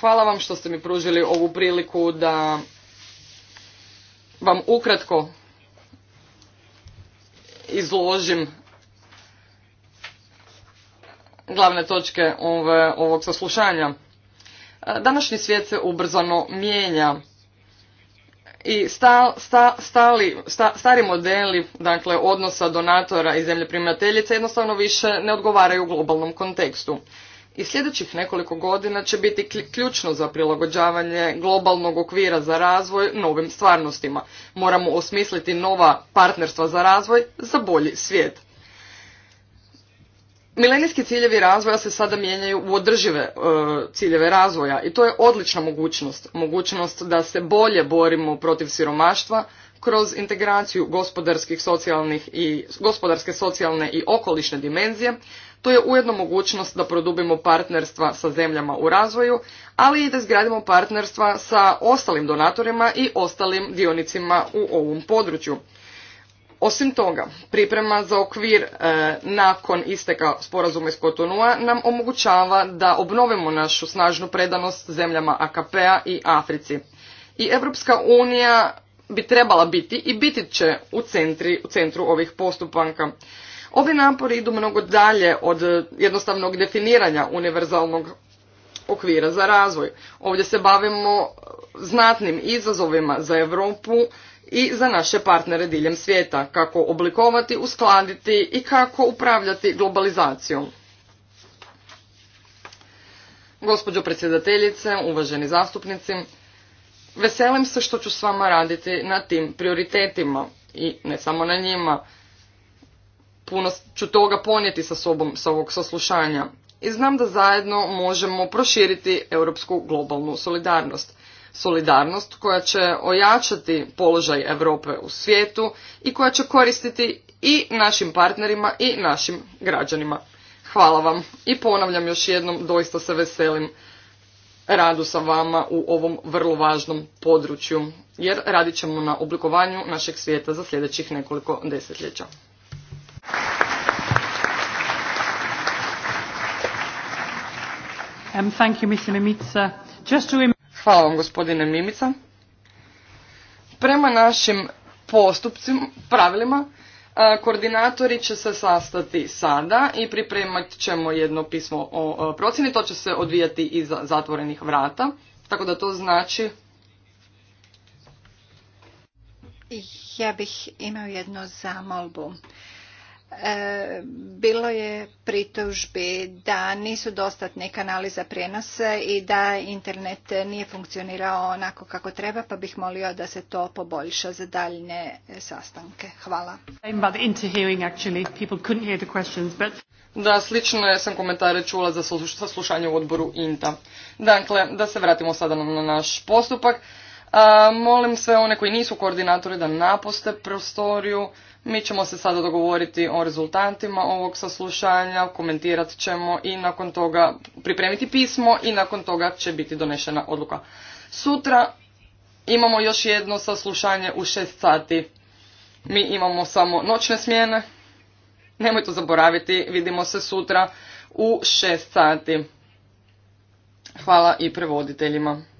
Hvala vam što ste mi pružili ovu priliku da vam ukratko izložim glavne točke ovog saslušanja. Današnji svijet se ubrzano mijenja i stari modeli dakle, odnosa donatora i zemlje primateljice jednostavno više ne odgovaraju globalnom kontekstu i sljedećih nekoliko godina će biti ključno za prilagođavanje globalnog okvira za razvoj novim stvarnostima. Moramo osmisliti nova partnerstva za razvoj za bolji svijet. Milenijski ciljevi razvoja se sada mijenjaju u održive e, ciljeve razvoja i to je odlična mogućnost. Mogućnost da se bolje borimo protiv siromaštva kroz integraciju gospodarskih, socijalnih i, gospodarske, socijalne i okolišne dimenzije. To je ujedno mogućnost da produbimo partnerstva sa zemljama u razvoju, ali i da izgradimo partnerstva sa ostalim donatorima i ostalim dionicima u ovom području. Osim toga, priprema za okvir e, nakon isteka sporazuma iz Kotonua nam omogućava da obnovimo našu snažnu predanost zemljama AKP-a i Africi. I Evropska unija bi trebala biti i biti će u, centri, u centru ovih postupanka. Ovi napori idu mnogo dalje od jednostavnog definiranja univerzalnog okvira za razvoj. Ovdje se bavimo znatnim izazovima za Europu i za naše partnere diljem svijeta, kako oblikovati, uskladiti i kako upravljati globalizacijom. Gospođo predsjedateljice, uvaženi zastupnici, veselim se što ću s vama raditi na tim prioritetima i ne samo na njima. Puno ću toga ponijeti sa sobom sa ovog saslušanja i znam da zajedno možemo proširiti europsku globalnu solidarnost. Solidarnost koja će ojačati položaj Europe u svijetu i koja će koristiti i našim partnerima i našim građanima. Hvala vam i ponavljam još jednom, doista se veselim radu sa vama u ovom vrlo važnom području, jer radit ćemo na oblikovanju našeg svijeta za sljedećih nekoliko desetljeća. Um, Mimica. Hvala vam, gospodine Mimica. Prema našim postupcima, pravilima, uh, koordinatori će se sastati sada i pripremat ćemo jedno pismo o uh, procjeni. To će se odvijati iza zatvorenih vrata. Tako da to znači... Ja bih imao jednu zamolbu. E, bilo je pritužbi da nisu dostatni kanali za prijenos i da internet nije funkcionirao onako kako treba, pa bih molio da se to poboljša za daljne sastanke. Hvala. Da, slično sam komentare čula za saslušanje u odboru INTA. Dakle, da se vratimo sada na naš postupak. Molim sve one koji nisu koordinatori da napuste prostoriju. Mi ćemo se sada dogovoriti o rezultatima ovog saslušanja, komentirat ćemo i nakon toga pripremiti pismo i nakon toga će biti donešena odluka. Sutra imamo još jedno saslušanje u 6 sati. Mi imamo samo noćne smjene. Nemojte zaboraviti, vidimo se sutra u 6 sati. Hvala i prevoditeljima.